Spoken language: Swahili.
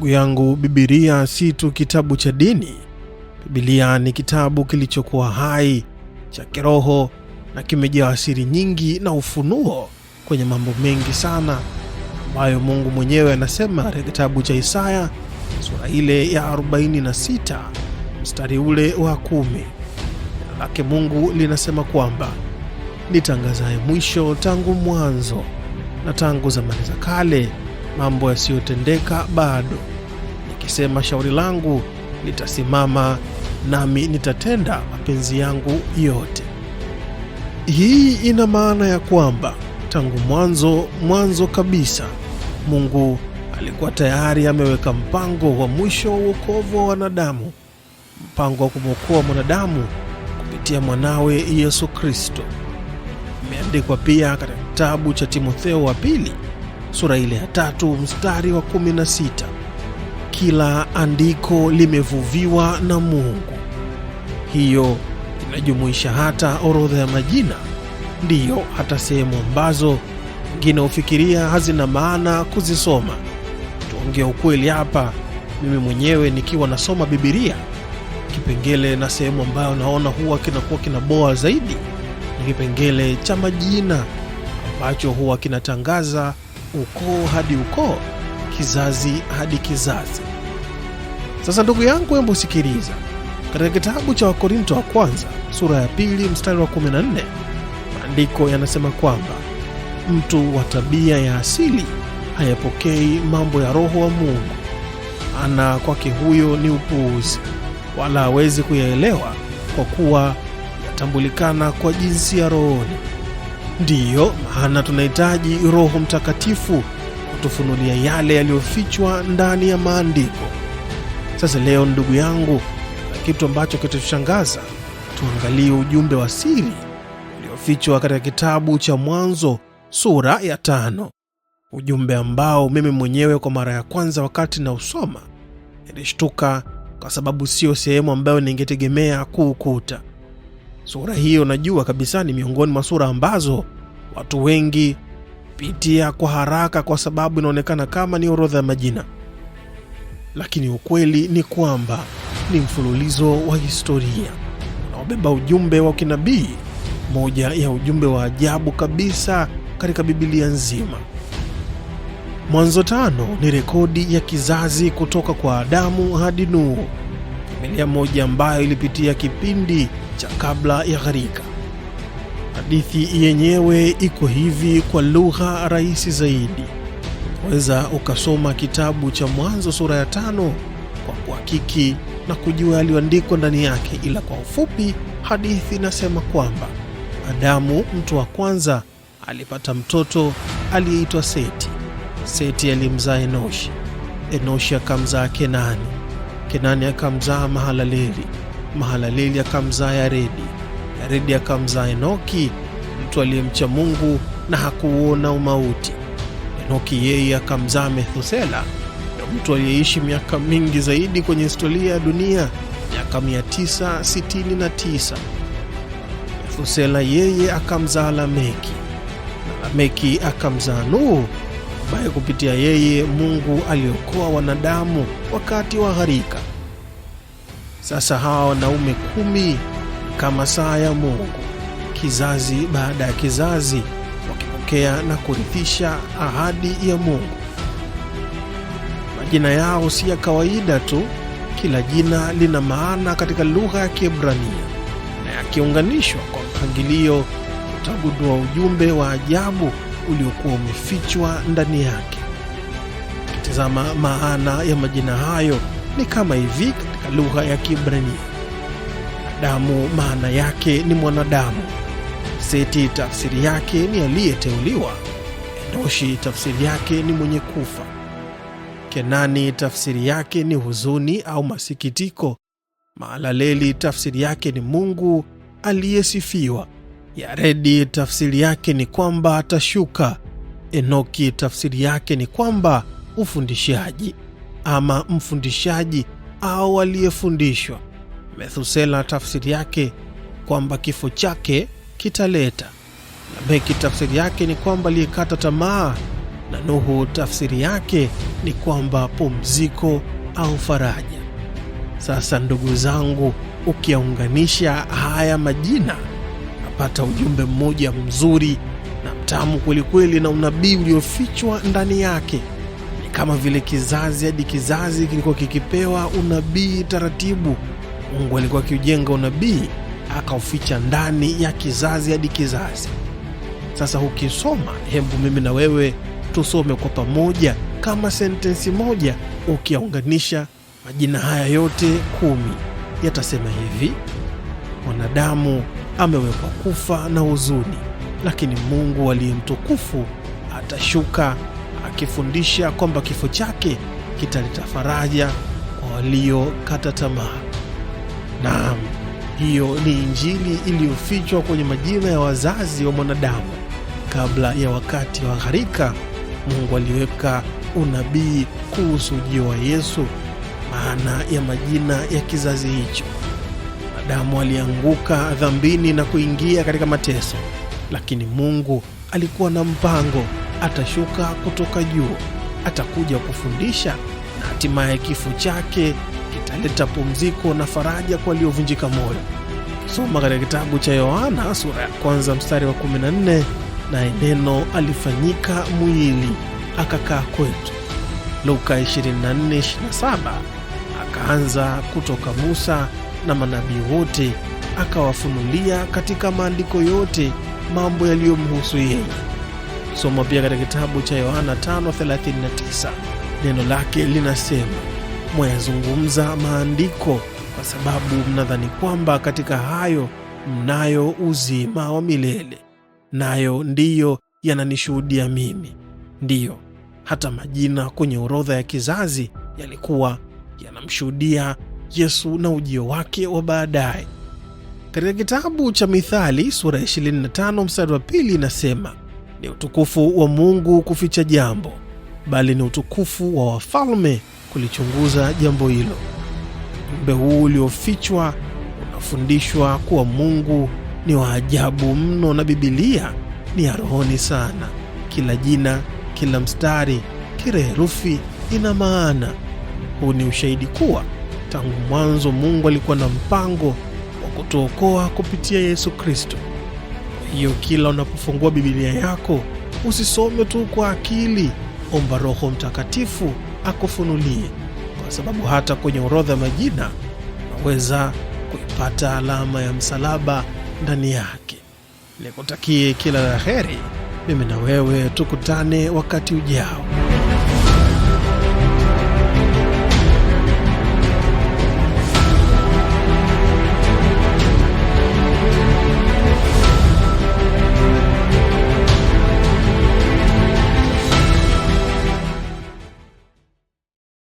Ndugu yangu, Bibilia si tu kitabu cha dini. Bibilia ni kitabu kilichokuwa hai cha kiroho na kimejaa siri nyingi na ufunuo kwenye mambo mengi sana ambayo Mungu mwenyewe anasema katika kitabu cha Isaya sura ile ya 46 mstari ule wa kumi. Neno lake Mungu linasema kwamba nitangazaye mwisho tangu mwanzo na tangu zamani za kale mambo yasiyotendeka bado. Nikisema shauri langu, nitasimama nami nitatenda mapenzi yangu yote. Hii ina maana ya kwamba tangu mwanzo mwanzo kabisa Mungu alikuwa tayari ameweka mpango wa mwisho wa uokovu wa wanadamu, mpango wa kumwokoa mwanadamu kupitia mwanawe Yesu Kristo. Imeandikwa pia katika kitabu cha Timotheo wa pili sura ile ya tatu mstari wa 16. Kila andiko limevuviwa na Mungu. Hiyo inajumuisha hata orodha ya majina, ndiyo hata sehemu ambazo wengine hufikiria hazina maana kuzisoma. Tuongea ukweli hapa, mimi mwenyewe nikiwa nasoma Bibilia, kipengele na sehemu ambayo naona huwa kinakuwa kinaboa zaidi ni kipengele cha majina ambacho huwa kinatangaza ukoo hadi ukoo, kizazi hadi kizazi. Sasa ndugu yangu, hebu sikiliza katika kitabu cha Wakorinto wa kwanza sura ya pili mstari wa 14 maandiko yanasema kwamba mtu wa tabia ya asili hayapokei mambo ya Roho wa Mungu, ana kwake huyo ni upuuzi, wala hawezi kuyaelewa kwa kuwa yatambulikana kwa jinsi ya rohoni. Ndiyo maana tunahitaji Roho Mtakatifu kutufunulia yale yaliyofichwa ndani ya Maandiko. Sasa leo, ndugu yangu, na kitu ambacho kitatushangaza, tuangalie ujumbe wa siri uliofichwa katika kitabu cha Mwanzo sura ya tano, ujumbe ambao mimi mwenyewe kwa mara ya kwanza wakati na usoma nilishtuka kwa sababu sio sehemu ambayo ningetegemea kuukuta. Sura hiyo najua kabisa ni miongoni mwa sura ambazo Watu wengi pitia kwa haraka kwa sababu inaonekana kama ni orodha ya majina, lakini ukweli ni kwamba ni mfululizo wa historia unaobeba ujumbe wa kinabii, moja ya ujumbe wa ajabu kabisa katika bibilia nzima. Mwanzo tano ni rekodi ya kizazi kutoka kwa Adamu hadi nuu familia moja ambayo ilipitia kipindi cha kabla ya gharika. Hadithi yenyewe iko hivi kwa lugha rahisi zaidi. Waweza ukasoma kitabu cha Mwanzo sura ya tano kwa kuhakiki na kujua yaliyoandikwa ndani yake, ila kwa ufupi, hadithi inasema kwamba Adamu mtu wa kwanza alipata mtoto aliyeitwa Seti. Seti alimzaa Enoshi, Enoshi akamzaa Kenani, Kenani akamzaa Mahalaleli, Mahalaleli akamzaa Yaredi, Yaredi akamzaa Enoki, mtu aliyemcha Mungu na hakuuona umauti. Enoki yeye akamzaa Methusela, mtu aliyeishi miaka mingi zaidi kwenye historia ya dunia, miaka 969. Methusela yeye akamzaa Lameki na Lameki akamzaa Nuhu ambaye kupitia yeye Mungu aliokoa wanadamu wakati wa gharika. Sasa hawa wanaume kumi kama saa ya Mungu, kizazi baada ya kizazi wakipokea na kurithisha ahadi ya Mungu. Majina yao si ya kawaida tu, kila jina lina maana katika lugha ya Kiebrania, na yakiunganishwa kwa mpangilio utagundua ujumbe wa ajabu uliokuwa umefichwa ndani yake. Ukitazama maana ya majina hayo ni kama hivi katika lugha ya Kiebrania: Mwanadamu maana yake ni mwanadamu. Seti tafsiri yake ni aliyeteuliwa. Enoshi tafsiri yake ni mwenye kufa. Kenani tafsiri yake ni huzuni au masikitiko. Maalaleli tafsiri yake ni Mungu aliyesifiwa. Yaredi tafsiri yake ni kwamba atashuka. Enoki tafsiri yake ni kwamba ufundishaji ama mfundishaji au aliyefundishwa. Methusela tafsiri yake kwamba kifo chake kitaleta. Lameki tafsiri yake ni kwamba aliyekata tamaa, na Nuhu tafsiri yake ni kwamba pumziko au faraja. Sasa ndugu zangu, ukiyaunganisha haya majina napata ujumbe mmoja mzuri na mtamu kwelikweli, na unabii uliofichwa ndani yake. Ni kama vile kizazi hadi kizazi kilikuwa kikipewa unabii taratibu Mungu alikuwa akiujenga unabii akauficha ndani ya kizazi hadi kizazi. Sasa ukisoma, hebu mimi na wewe tusome kwa pamoja kama sentensi moja, ukiyaunganisha majina haya yote kumi yatasema hivi: mwanadamu amewekwa kufa na huzuni, lakini Mungu aliye mtukufu atashuka akifundisha kwamba kifo chake kitaleta faraja kwa waliokata tamaa. Naam, hiyo ni Injili iliyofichwa kwenye majina ya wazazi wa mwanadamu. Kabla ya wakati wa gharika, Mungu aliweka unabii kuhusu ujio wa Yesu. Maana ya majina ya kizazi hicho, Adamu alianguka dhambini na kuingia katika mateso, lakini Mungu alikuwa na mpango. Atashuka kutoka juu, atakuja kufundisha, na hatimaye kifo chake ataleta pumziko na faraja kwa waliovunjika moyo. Soma katika kitabu cha Yohana sura ya kwanza mstari wa 14, naye neno alifanyika mwili akakaa kwetu. Luka 24:27, akaanza kutoka Musa na manabii wote akawafunulia katika maandiko yote mambo yaliyomhusu yeye. Soma pia katika kitabu cha Yohana 5:39, neno lake linasema mwayazungumza maandiko kwa sababu mnadhani kwamba katika hayo mnayo uzima wa milele, nayo ndiyo yananishuhudia mimi. Ndiyo, hata majina kwenye orodha ya kizazi yalikuwa yanamshuhudia Yesu na ujio wake wa baadaye. Katika kitabu cha Mithali sura ya 25 mstari wa pili inasema, ni utukufu wa Mungu kuficha jambo, bali ni utukufu wa wafalme kulichunguza jambo hilo. Ujumbe huu uliofichwa unafundishwa kuwa Mungu ni wa ajabu mno na Bibilia ni ya rohoni sana. Kila jina, kila mstari, kila herufi ina maana. Huu ni ushahidi kuwa tangu mwanzo Mungu alikuwa na mpango wa kutuokoa kupitia Yesu Kristo. Kwa hiyo kila unapofungua Bibilia yako usisome tu kwa akili, omba Roho Mtakatifu akufunulie, kwa sababu hata kwenye orodha majina unaweza kuipata alama ya msalaba ndani yake. Nikutakie kila la heri, mimi na wewe tukutane wakati ujao.